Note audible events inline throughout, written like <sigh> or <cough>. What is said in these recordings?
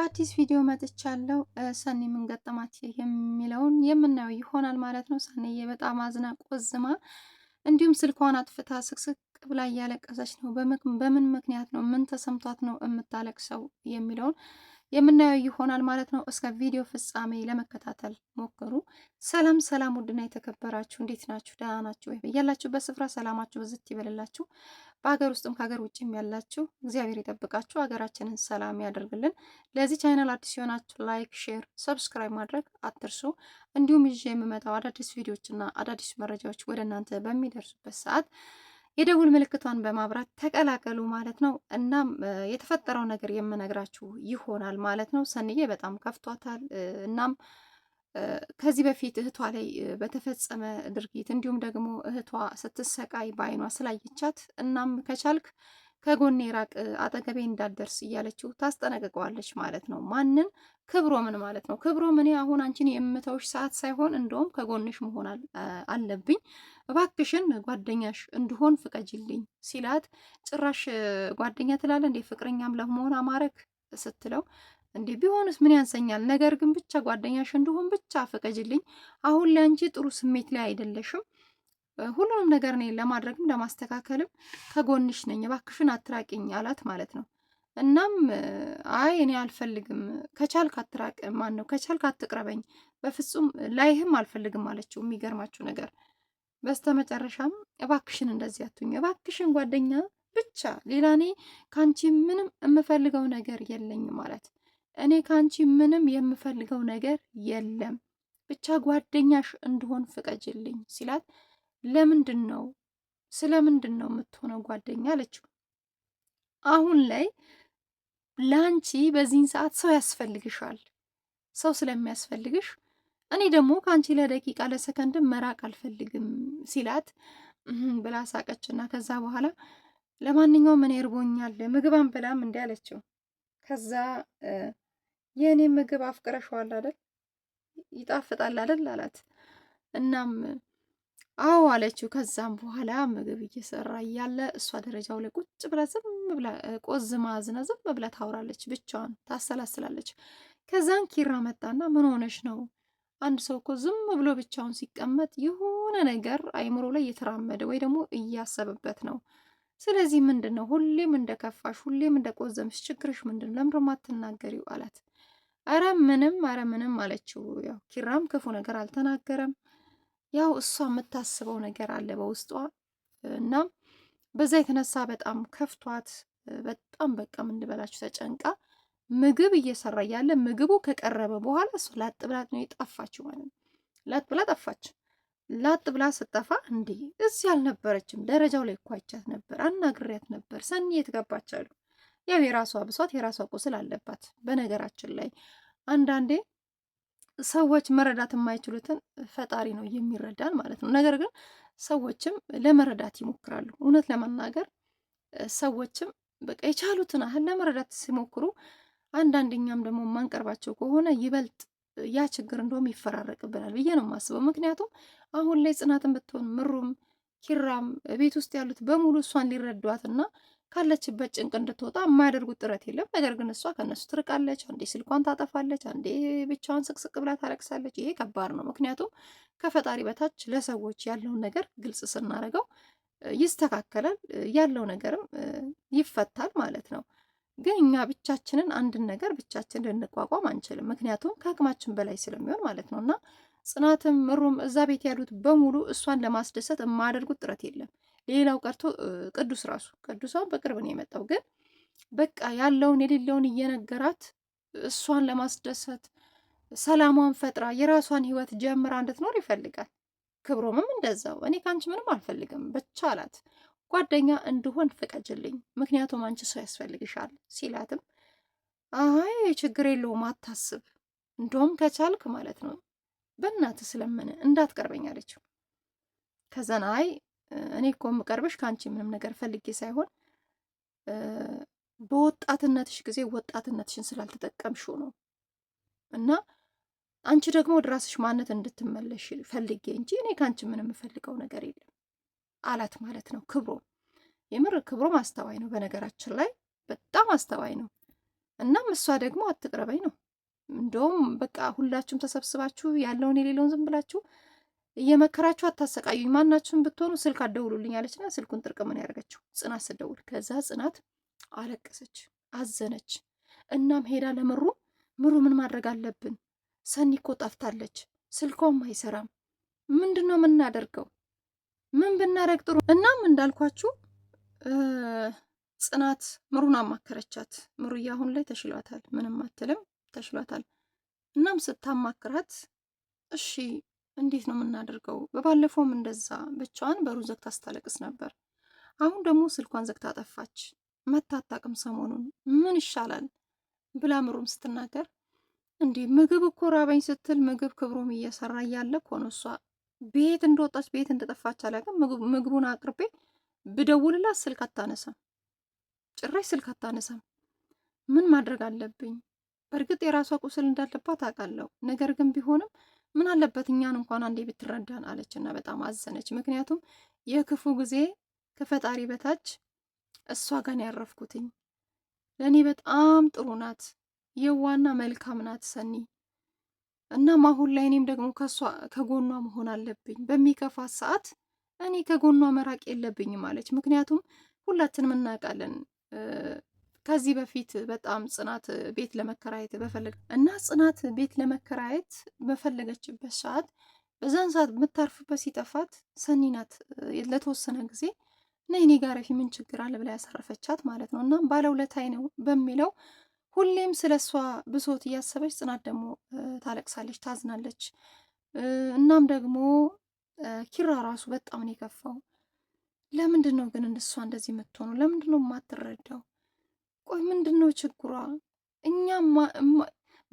በአዲስ ቪዲዮ መጥቻለሁ። ሰኒ ምን ገጠማት የሚለውን የምናየው ይሆናል ማለት ነው። ሰኒዬ በጣም አዝና ቆዝማ፣ እንዲሁም ስልኳን አጥፍታ ስቅስቅ ብላ እያለቀሰች ነው። በምን ምክንያት ነው? ምን ተሰምቷት ነው የምታለቅሰው የሚለውን የምናየው ይሆናል ማለት ነው። እስከ ቪዲዮ ፍጻሜ ለመከታተል ሞክሩ። ሰላም ሰላም! ውድና የተከበራችሁ እንዴት ናችሁ? ደህና ናችሁ ወይ? እያላችሁበት ስፍራ ሰላማችሁ ብዝት ይበልላችሁ። በሀገር ውስጥም ከሀገር ውጭም ያላችሁ እግዚአብሔር ይጠብቃችሁ፣ ሀገራችንን ሰላም ያደርግልን። ለዚህ ቻይናል አዲስ የሆናችሁ ላይክ፣ ሼር፣ ሰብስክራይብ ማድረግ አትርሱ። እንዲሁም ይዤ የምመጣው አዳዲስ ቪዲዮዎችና አዳዲስ መረጃዎች ወደ እናንተ በሚደርሱበት ሰዓት የደውል ምልክቷን በማብራት ተቀላቀሉ ማለት ነው። እናም የተፈጠረው ነገር የምነግራችሁ ይሆናል ማለት ነው። ሰንዬ በጣም ከፍቷታል። እናም ከዚህ በፊት እህቷ ላይ በተፈጸመ ድርጊት እንዲሁም ደግሞ እህቷ ስትሰቃይ በአይኗ ስላየቻት እናም ከቻልክ ከጎኔ ራቅ፣ አጠገቤ እንዳትደርስ እያለችው ታስጠነቅቀዋለች ማለት ነው። ማንን? ክብሮምን ማለት ነው። ክብሮም እኔ አሁን አንቺን የምተውሽ ሰዓት ሳይሆን እንደውም ከጎንሽ መሆን አለብኝ እባክሽን ጓደኛሽ እንድሆን ፍቀጅልኝ ሲላት፣ ጭራሽ ጓደኛ ትላለ እንዴ ፍቅረኛም ለመሆን አማረክ ስትለው፣ እንዴ ቢሆንስ ምን ያንሰኛል? ነገር ግን ብቻ ጓደኛሽ እንድሆን ብቻ ፍቀጅልኝ። አሁን ላይ አንቺ ጥሩ ስሜት ላይ አይደለሽም። ሁሉንም ነገር እኔ ለማድረግም ለማስተካከልም ከጎንሽ ነኝ። እባክሽን አትራቂኝ አላት ማለት ነው። እናም አይ እኔ አልፈልግም፣ ከቻልክ አትራቅ፣ ማን ነው ከቻልክ አትቅረበኝ፣ በፍጹም ላይህም አልፈልግም አለችው። የሚገርማችሁ ነገር በስተመጨረሻም እባክሽን እንደዚህ አትሁኝ፣ እባክሽን ጓደኛ ብቻ ሌላ እኔ ከአንቺ ምንም የምፈልገው ነገር የለኝም ማለት እኔ ከአንቺ ምንም የምፈልገው ነገር የለም ብቻ ጓደኛሽ እንድሆን ፍቀጅልኝ ሲላት፣ ለምንድን ነው ስለምንድን ነው የምትሆነው ጓደኛ አለችው። አሁን ላይ ለአንቺ በዚህን ሰዓት ሰው ያስፈልግሻል። ሰው ስለሚያስፈልግሽ እኔ ደግሞ ከአንቺ ለደቂቃ ለሰከንድም መራቅ አልፈልግም ሲላት ብላ ሳቀች እና ከዛ በኋላ ለማንኛውም እኔ እርቦኛል አንበላም ብላም አለችው። ከዛ የእኔ ምግብ አፍቅረሸዋል አደል ይጣፍጣል አደል አላት። እናም አዎ አለችው። ከዛም በኋላ ምግብ እየሰራ እያለ እሷ ደረጃው ላይ ቁጭ ብላ ዝም ብላ ቆዝማ አዝና ዝም ብላ ታውራለች፣ ብቻዋን ታሰላስላለች። ከዛን ኪራ መጣና ምን ሆነሽ ነው አንድ ሰው እኮ ዝም ብሎ ብቻውን ሲቀመጥ የሆነ ነገር አይምሮ ላይ እየተራመደ ወይ ደግሞ እያሰበበት ነው። ስለዚህ ምንድን ነው ሁሌም እንደከፋሽ፣ ሁሌም እንደቆዘምሽ፣ ችግርሽ ምንድን ነው? ለምንድን የማትናገሪው? አላት። አረ ምንም፣ አረ ምንም አለችው። ያው ኪራም ክፉ ነገር አልተናገረም። ያው እሷ የምታስበው ነገር አለ በውስጧ እና በዛ የተነሳ በጣም ከፍቷት በጣም በቃ ምን ልበላችሁ ተጨንቃ ምግብ እየሰራ ያለ ምግቡ ከቀረበ በኋላ እሱ ላጥ ብላት ነው የጠፋችው ማለት ነው። ላጥ ብላ ጠፋች። ላጥ ብላ ስጠፋ እንዴ እዚህ አልነበረችም። ደረጃው ላይ እኮ አይቻት ነበር፣ አናግሬያት ነበር። ሰኒ የት ገባች አሉ። ያው የራሷ ብሷት የራሷ ቁስል አለባት። በነገራችን ላይ አንዳንዴ ሰዎች መረዳት የማይችሉትን ፈጣሪ ነው የሚረዳን ማለት ነው። ነገር ግን ሰዎችም ለመረዳት ይሞክራሉ። እውነት ለመናገር ሰዎችም በቃ የቻሉትን ያህል ለመረዳት ሲሞክሩ አንዳንደኛም ደግሞ የማንቀርባቸው ከሆነ ይበልጥ ያ ችግር እንደውም ይፈራረቅብናል ብዬ ነው የማስበው። ምክንያቱም አሁን ላይ ጽናትን ብትሆን ምሩም ኪራም ቤት ውስጥ ያሉት በሙሉ እሷን ሊረዷትና ካለችበት ጭንቅ እንድትወጣ የማያደርጉት ጥረት የለም። ነገር ግን እሷ ከእነሱ ትርቃለች። አንዴ ስልኳን ታጠፋለች፣ አንዴ ብቻዋን ስቅስቅ ብላ ታለቅሳለች። ይሄ ከባድ ነው። ምክንያቱም ከፈጣሪ በታች ለሰዎች ያለውን ነገር ግልጽ ስናደርገው ይስተካከላል፣ ያለው ነገርም ይፈታል ማለት ነው። ግን እኛ ብቻችንን አንድን ነገር ብቻችን ልንቋቋም አንችልም። ምክንያቱም ከአቅማችን በላይ ስለሚሆን ማለት ነው። እና ጽናትም ምሩም እዛ ቤት ያሉት በሙሉ እሷን ለማስደሰት የማያደርጉት ጥረት የለም። ሌላው ቀርቶ ቅዱስ ራሱ ቅዱሳውን በቅርብ ነው የመጣው። ግን በቃ ያለውን የሌለውን እየነገራት እሷን ለማስደሰት ሰላሟን ፈጥራ የራሷን ህይወት ጀምራ እንድትኖር ይፈልጋል። ክብሮምም እንደዛው እኔ ከአንቺ ምንም አልፈልግም ብቻ አላት። ጓደኛ እንድሆን ፍቀጅልኝ፣ ምክንያቱም አንቺ ሰው ያስፈልግሻል ሲላትም አይ ችግር የለውም አታስብ፣ እንደውም ከቻልክ ማለት ነው በእናትህ ስለምን እንዳትቀርበኝ አለችው። ከዛን አይ እኔ እኮ የምቀርብሽ ከአንቺ ምንም ነገር ፈልጌ ሳይሆን በወጣትነትሽ ጊዜ ወጣትነትሽን ስላልተጠቀምሽው ነው እና አንቺ ደግሞ ወደ ራስሽ ማነት እንድትመለሽ ፈልጌ እንጂ እኔ ከአንቺ ምንም የምፈልገው ነገር የለም አላት ማለት ነው። ክብሮ የምር ክብሮም አስተዋይ ነው፣ በነገራችን ላይ በጣም አስተዋይ ነው። እናም እሷ ደግሞ አትቅረበኝ ነው። እንደውም በቃ ሁላችሁም ተሰብስባችሁ ያለውን የሌለውን ዝም ብላችሁ እየመከራችሁ አታሰቃዩኝ፣ ማናችሁም ብትሆኑ ስልክ አደውሉልኝ አለችና ስልኩን ጥርቅምን ያደረገችው ጽናት ስደውል፣ ከዛ ጽናት አለቀሰች፣ አዘነች። እናም ሄዳ ለምሩ ምሩ ምን ማድረግ አለብን? ሰኒ እኮ ጠፍታለች፣ ስልኳም አይሰራም። ምንድን ነው የምናደርገው? ምን ብናረግ ጥሩ? እናም እንዳልኳችሁ ጽናት ምሩን አማከረቻት። ምሩዬ አሁን ላይ ተሽሏታል፣ ምንም አትልም፣ ተሽሏታል። እናም ስታማክራት እሺ እንዴት ነው የምናደርገው? በባለፈውም እንደዛ ብቻዋን በሩ ዘግታ ስታለቅስ ነበር። አሁን ደግሞ ስልኳን ዘግታ ጠፋች። መታታቅም ሰሞኑን ምን ይሻላል ብላ ምሩም ስትናገር እንዲህ ምግብ እኮ ራበኝ ስትል ምግብ ክብሮም እየሰራ እያለ እኮ ነው እሷ ቤት እንደወጣች ቤት እንደጠፋች አላውቅም። ምግቡን አቅርቤ ብደውልላት ስልክ አታነሳም፣ ጭራሽ ስልክ አታነሳም። ምን ማድረግ አለብኝ? በእርግጥ የራሷ ቁስል እንዳለባት አውቃለሁ። ነገር ግን ቢሆንም ምን አለበት እኛን እንኳን አንዴ ብትረዳን እና በጣም አዘነች። ምክንያቱም የክፉ ጊዜ ከፈጣሪ በታች እሷ ጋን ያረፍኩትኝ ለእኔ በጣም ጥሩ ናት፣ የዋና መልካም ናት ሰኒ እናም አሁን ላይ እኔም ደግሞ ከሷ ከጎኗ መሆን አለብኝ። በሚከፋት ሰዓት እኔ ከጎኗ መራቅ የለብኝም አለች። ምክንያቱም ሁላችንም እናውቃለን ከዚህ በፊት በጣም ጽናት ቤት ለመከራየት በፈለግ እና ጽናት ቤት ለመከራየት በፈለገችበት ሰዓት በዛን ሰዓት የምታርፍበት ሲጠፋት ሰኒ ናት ለተወሰነ ጊዜ እና እኔ ጋር ምን ችግር አለ ብላ ያሳረፈቻት ማለት ነው። እና ባለውለታይ ነው በሚለው ሁሌም ስለ እሷ ብሶት እያሰበች ጽናት ደግሞ ታለቅሳለች፣ ታዝናለች። እናም ደግሞ ኪራ ራሱ በጣም ነው የከፋው። ለምንድን ነው ግን እሷ እንደዚህ የምትሆነው? ለምንድን ነው የማትረዳው? ቆይ ምንድን ነው ችግሯ? እኛ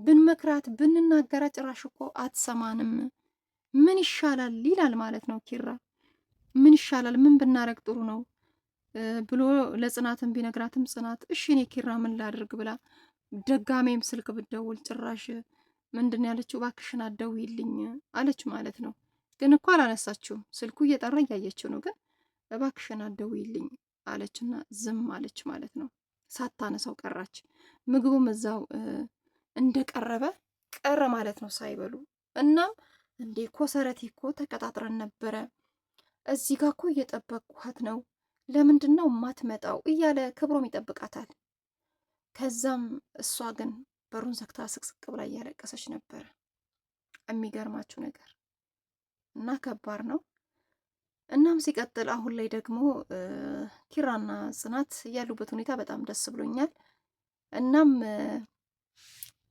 ብንመክራት ብንናገራ ጭራሽ እኮ አትሰማንም። ምን ይሻላል ይላል ማለት ነው ኪራ። ምን ይሻላል? ምን ብናረግ ጥሩ ነው ብሎ ለጽናትም ቢነግራትም ጽናት እሺ እኔ ኪራ ምን ላድርግ ብላ ደጋሜም ስልክ ብደውል ጭራሽ ምንድን ያለችው እባክሽን አደውይልኝ አለች ማለት ነው። ግን እኮ አላነሳችውም። ስልኩ እየጠራ እያየችው ነው። ግን እባክሽን አደውይልኝ አለችና ዝም አለች ማለት ነው። ሳታነሳው ቀራች። ምግቡም እዛው እንደቀረበ ቀረ ማለት ነው ሳይበሉ። እናም እንዴ ኮሰረቴ እኮ ተቀጣጥረን ነበረ እዚህ ጋ እኮ እየጠበቅኳት ነው፣ ለምንድን ነው ማትመጣው እያለ ክብሮም ይጠብቃታል። ከዛም እሷ ግን በሩን ዘግታ ስቅስቅ ብላ እያለቀሰች ነበረ። የሚገርማችሁ ነገር እና ከባድ ነው። እናም ሲቀጥል አሁን ላይ ደግሞ ኪራና ጽናት ያሉበት ሁኔታ በጣም ደስ ብሎኛል። እናም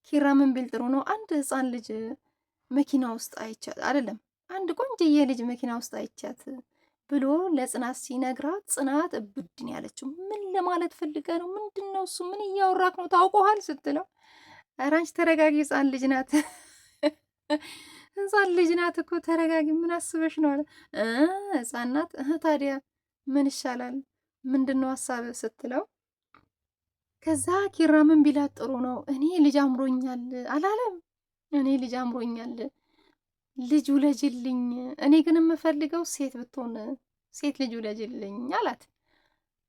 ኪራ ምን ቢል ጥሩ ነው፣ አንድ ህፃን ልጅ መኪና ውስጥ አይቻት አይደለም፣ አንድ ቆንጅዬ ልጅ መኪና ውስጥ አይቻት ብሎ ለጽናት ሲነግራት ጽናት እብድን ያለችው ምን ለማለት ፈልገ ነው? ምንድን ነው እሱ? ምን እያወራክ ነው? ታውቀዋል ስትለው ኧረ አንቺ ተረጋጊ፣ ህፃን ልጅ ናት፣ <laughs> ህፃን ልጅ ናት እኮ ተረጋጊ፣ ምን አስበሽ ነው አለ። ህፃን ናት ታዲያ ምን ይሻላል? ምንድን ነው ሀሳብ ስትለው ከዛ ኪራ ምን ቢላት ጥሩ ነው? እኔ ልጅ አምሮኛል አላለም? እኔ ልጅ አምሮኛል ልጅ ውለጅልኝ፣ እኔ ግን የምፈልገው ሴት ብትሆን ሴት ልጅ ውለጅልኝ አላት።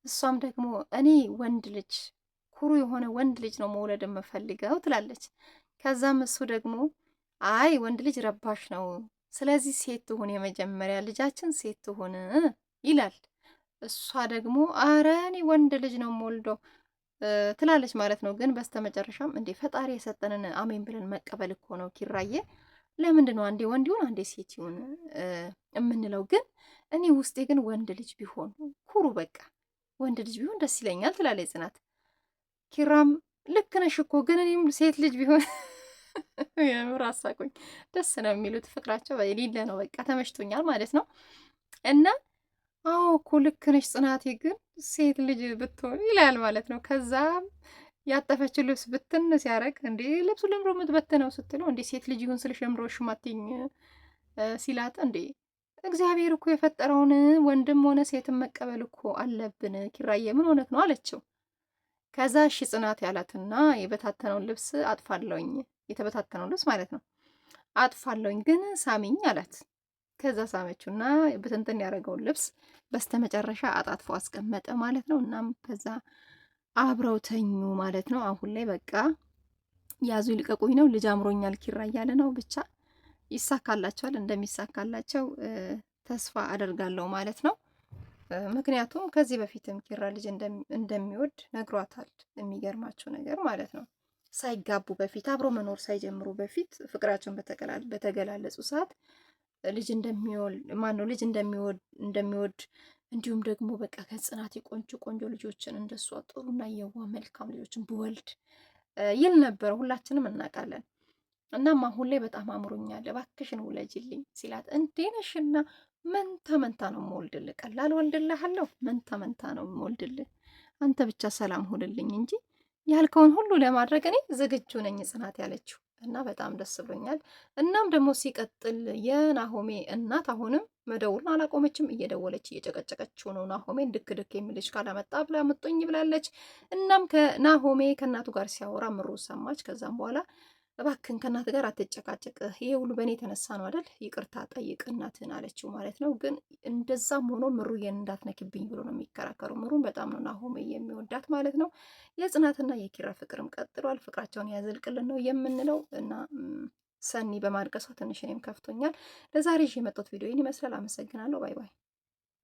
እሷም ደግሞ እኔ ወንድ ልጅ ኩሩ የሆነ ወንድ ልጅ ነው መውለድ የምፈልገው ትላለች። ከዛም እሱ ደግሞ አይ ወንድ ልጅ ረባሽ ነው፣ ስለዚህ ሴት ትሁን፣ የመጀመሪያ ልጃችን ሴት ትሁን ይላል። እሷ ደግሞ አረ እኔ ወንድ ልጅ ነው ሞልዶ ትላለች ማለት ነው። ግን በስተመጨረሻም እንዴ ፈጣሪ የሰጠንን አሜን ብለን መቀበል እኮ ነው ኪራዬ ለምንድን ነው አንዴ ወንድ ይሁን አንዴ ሴት ይሁን የምንለው? ግን እኔ ውስጤ ግን ወንድ ልጅ ቢሆን ኩሩ በቃ ወንድ ልጅ ቢሆን ደስ ይለኛል ትላለች ጽናት። ኪራም ልክ ነሽ እኮ ግን እኔም ሴት ልጅ ቢሆን <laughs> የምር አሳቁኝ። ደስ ነው የሚሉት ፍቅራቸው ሌለ ነው በቃ ተመችቶኛል ማለት ነው። እና አዎ እኮ ልክ ነሽ ጽናቴ፣ ግን ሴት ልጅ ብትሆን ይላል ማለት ነው። ከዛም ያጠፈችው ልብስ ብትን ሲያደርግ እንዴ ልብሱ ለምሮ የምትበትነው ስትለው እንዴ ሴት ልጅ ይሁን ስልሽ ለምሮ ሽማትኝ ሲላት እንዴ እግዚአብሔር እኮ የፈጠረውን ወንድም ሆነ ሴትን መቀበል እኮ አለብን ኪራዬ ምን እውነት ነው አለችው። ከዛ እሺ ጽናት ያላትና የበታተነውን ልብስ አጥፋለውኝ የተበታተነውን ልብስ ማለት ነው አጥፋለውኝ ግን ሳሚኝ አላት። ከዛ ሳመችውና ብትንትን ያደረገውን ልብስ በስተመጨረሻ አጣጥፎ አስቀመጠ ማለት ነው። እናም ከዛ አብረው ተኙ ማለት ነው። አሁን ላይ በቃ ያዙ ይልቀቁኝ ነው። ልጅ አምሮኛል ኪራ እያለ ነው። ብቻ ይሳካላቸዋል። እንደሚሳካላቸው ተስፋ አደርጋለሁ ማለት ነው። ምክንያቱም ከዚህ በፊትም ኪራ ልጅ እንደሚወድ ነግሯታል። የሚገርማቸው ነገር ማለት ነው። ሳይጋቡ በፊት አብሮ መኖር ሳይጀምሩ በፊት ፍቅራቸውን በተገላለጹ ሰዓት ልጅ እንደሚወል ማነው ልጅ እንደሚወድ እንዲሁም ደግሞ በቃ ከጽናት የቆንጆ ቆንጆ ልጆችን እንደሷ ጥሩና የዋ መልካም ልጆችን ብወልድ ይል ነበረ። ሁላችንም እናውቃለን። እናም አሁን ላይ በጣም አምሮኛል፣ እባክሽን ውለጅልኝ ሲላት እንዴ ነሽና መንታ መንታ ነው የምወልድልህ፣ ቀላል ወልድልሃለሁ፣ መንታ መንታ ነው የምወልድልህ። አንተ ብቻ ሰላም ሁልልኝ እንጂ ያልከውን ሁሉ ለማድረግ እኔ ዝግጁ ነኝ ጽናት ያለችው እና በጣም ደስ ብሎኛል። እናም ደግሞ ሲቀጥል የናሆሜ እናት አሁንም መደውል አላቆመችም። እየደወለች እየጨቀጨቀችው ነው። ናሆሜን ድክ ድክ የሚልች ካላመጣ ብላ ምጡኝ ብላለች። እናም ከናሆሜ ከእናቱ ጋር ሲያወራ ምሩ ሰማች። ከዛም በኋላ እባክን ከእናት ጋር አትጨቃጨቅ፣ ይሄ ሁሉ በእኔ የተነሳ ነው አይደል? ይቅርታ ጠይቅ እናትን አለችው ማለት ነው። ግን እንደዛም ሆኖ ምሩዬን እንዳትነክብኝ ብሎ ነው የሚከራከሩ። ምሩን በጣም ነው ናሆም የሚወዳት ማለት ነው። የጽናትና የኪራ ፍቅርም ቀጥሏል። ፍቅራቸውን ያዘልቅልን ነው የምንለው እና ሰኒ በማድቀሷ ትንሽ እኔም ከፍቶኛል። ለዛሬ ይዤ የመጣሁት ቪዲዮ ይህን ይመስላል። አመሰግናለሁ። ባይ ባይ።